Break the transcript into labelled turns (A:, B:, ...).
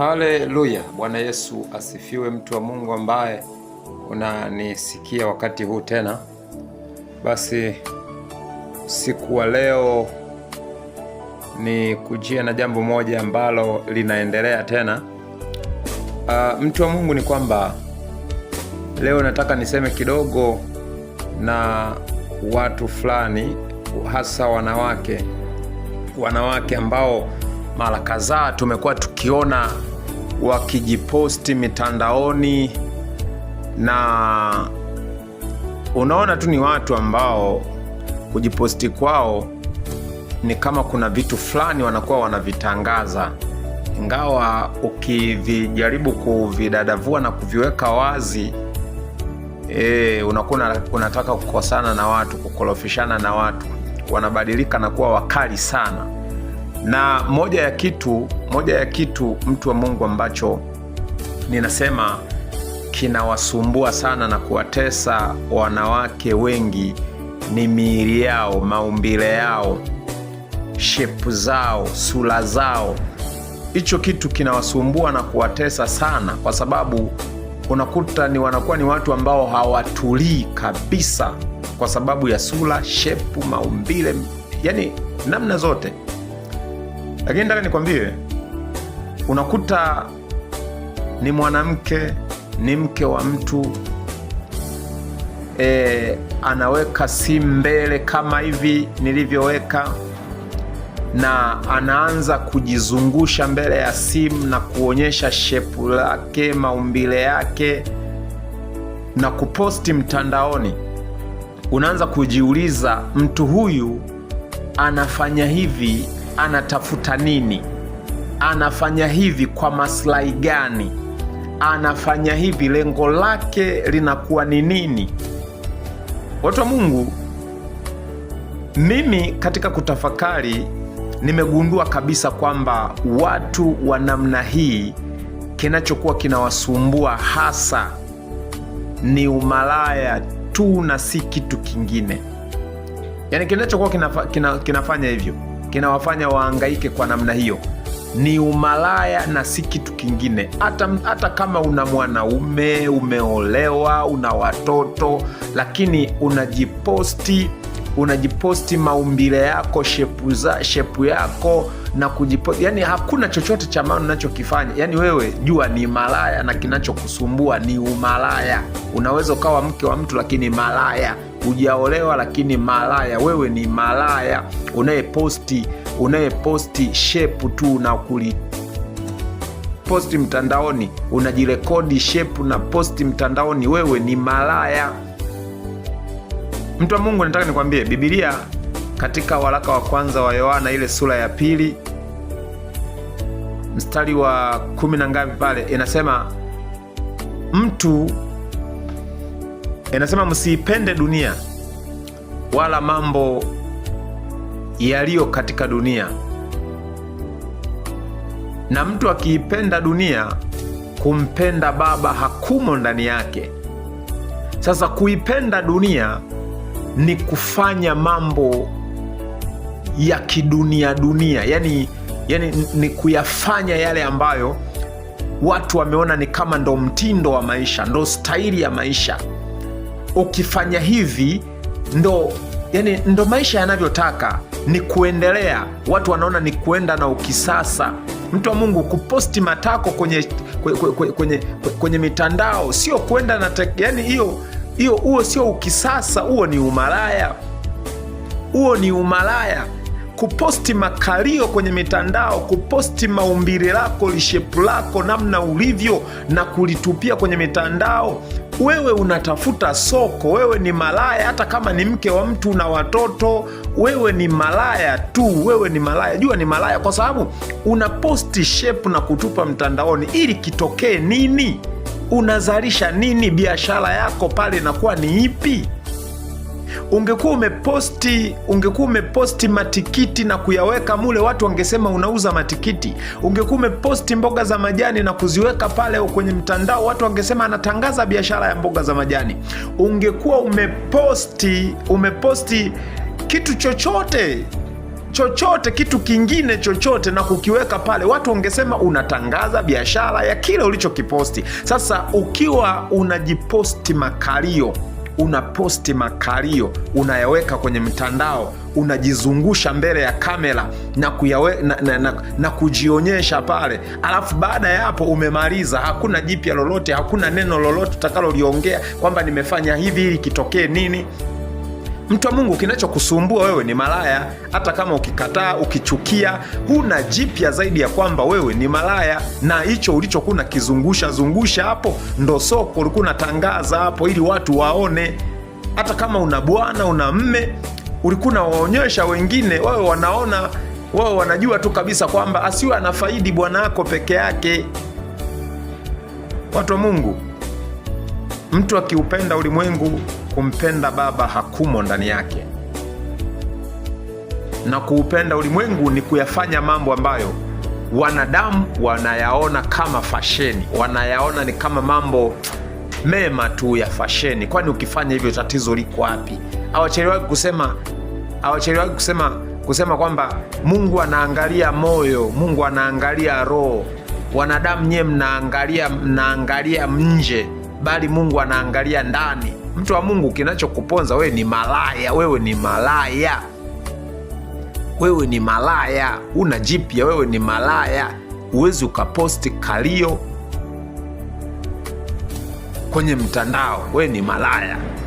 A: Haleluya! Bwana Yesu asifiwe. Mtu wa Mungu ambaye unanisikia wakati huu tena, basi siku wa leo ni kujia na jambo moja ambalo linaendelea tena. Uh, mtu wa Mungu, ni kwamba leo nataka niseme kidogo na watu fulani, hasa wanawake, wanawake ambao mara kadhaa tumekuwa tukiona wakijiposti mitandaoni, na unaona tu ni watu ambao kujiposti kwao ni kama kuna vitu fulani wanakuwa wanavitangaza, ingawa ukivijaribu kuvidadavua na kuviweka wazi e, unakuwa unataka kukosana na watu, kukorofishana na watu, wanabadilika na kuwa wakali sana na moja ya kitu moja ya kitu mtu wa Mungu ambacho ninasema kinawasumbua sana na kuwatesa wanawake wengi ni miili yao, maumbile yao, shepu zao, sura zao. Hicho kitu kinawasumbua na kuwatesa sana, kwa sababu unakuta ni wanakuwa ni watu ambao hawatulii kabisa, kwa sababu ya sura, shepu, maumbile, yani namna zote. Lakini nataka nikwambie, unakuta ni mwanamke, ni mke wa mtu e, anaweka simu mbele kama hivi nilivyoweka, na anaanza kujizungusha mbele ya simu na kuonyesha shepu lake, maumbile yake na kuposti mtandaoni. Unaanza kujiuliza mtu huyu anafanya hivi anatafuta nini, anafanya hivi kwa maslahi gani, anafanya hivi lengo lake linakuwa ni nini? Watu wa Mungu, mimi katika kutafakari nimegundua kabisa kwamba watu wa namna hii kinachokuwa kinawasumbua hasa ni umalaya tu na si kitu kingine. Yaani kinachokuwa kinafa, kina, kinafanya hivyo kinawafanya waangaike kwa namna hiyo ni umalaya na si kitu kingine. Hata hata kama una mwanaume, umeolewa, una watoto, lakini unajiposti unajiposti maumbile yako, shepu za shepu yako na kujiposti, yani hakuna chochote cha maana unachokifanya. Yani wewe jua ni malaya, na kinachokusumbua ni umalaya. Unaweza ukawa mke wa mtu lakini malaya hujaolewa lakini malaya, wewe ni malaya unayeposti unayeposti shepu tu na kuli posti mtandaoni, unajirekodi shepu na posti mtandaoni, wewe ni malaya. Mtu wa Mungu, nataka nikwambie, Bibilia katika waraka wa kwanza wa Yohana ile sura ya pili mstari wa kumi na ngapi pale inasema mtu Inasema msiipende dunia wala mambo yaliyo katika dunia. Na mtu akiipenda dunia, kumpenda Baba hakumo ndani yake. Sasa kuipenda dunia ni kufanya mambo ya kidunia dunia, yani, yani ni kuyafanya yale ambayo watu wameona ni kama ndo mtindo wa maisha, ndo staili ya maisha ukifanya hivi ndo yani, ndo maisha yanavyotaka ni kuendelea. Watu wanaona ni kuenda na ukisasa. Mtu wa Mungu, kuposti matako kwenye kwenye, kwenye, kwenye mitandao sio kuenda na yani, hiyo hiyo, huo sio ukisasa, huo ni umalaya, huo ni umalaya kuposti makalio kwenye mitandao, kuposti maumbile lako, lishepu lako, namna ulivyo na kulitupia kwenye mitandao. Wewe unatafuta soko, wewe ni malaya. Hata kama ni mke wa mtu na watoto, wewe ni malaya tu, wewe ni malaya. Jua ni malaya kwa sababu unaposti shepu na kutupa mtandaoni, ili kitokee nini? Unazalisha nini? Biashara yako pale inakuwa ni ipi? ungekuwa umeposti ungekuwa umeposti matikiti na kuyaweka mule, watu wangesema unauza matikiti. Ungekuwa umeposti mboga za majani na kuziweka pale kwenye mtandao, watu wangesema anatangaza biashara ya mboga za majani. Ungekuwa umeposti umeposti kitu chochote chochote kitu kingine chochote na kukiweka pale, watu wangesema unatangaza biashara ya kile ulichokiposti. Sasa ukiwa unajiposti makalio unaposti makalio, unayaweka kwenye mtandao, unajizungusha mbele ya kamera na, na, na, na, na, na kujionyesha pale, alafu baada ya hapo umemaliza, hakuna jipya lolote, hakuna neno lolote utakaloliongea kwamba nimefanya hivi ili kitokee nini. Mtu wa Mungu, kinachokusumbua wewe ni malaya. Hata kama ukikataa, ukichukia, huna jipya zaidi ya kwamba wewe ni malaya, na hicho ulichokuwa unakizungusha zungusha hapo ndo soko ulikuwa unatangaza hapo, ili watu waone. Hata kama una bwana, una mme, ulikuwa unawaonyesha wengine, wawe wanaona, wawe wanajua tu kabisa kwamba asiwe anafaidi bwana wako peke yake. Watu wa Mungu, mtu akiupenda ulimwengu kumpenda Baba hakumo ndani yake, na kuupenda ulimwengu ni kuyafanya mambo ambayo wanadamu wanayaona kama fasheni, wanayaona ni kama mambo mema tu ya fasheni. Kwani ukifanya hivyo tatizo liko wapi? Hawachelewaji kusema, hawachelewaji kusema, kusema kwamba Mungu anaangalia moyo, Mungu anaangalia roho. Wanadamu nyewe mnaangalia, mnaangalia nje, bali Mungu anaangalia ndani. Mtu wa Mungu, kinachokuponza wewe ni malaya, wewe ni malaya, wewe ni malaya, una jipya, wewe ni malaya. Huwezi ukaposti kalio kwenye mtandao, wewe ni malaya.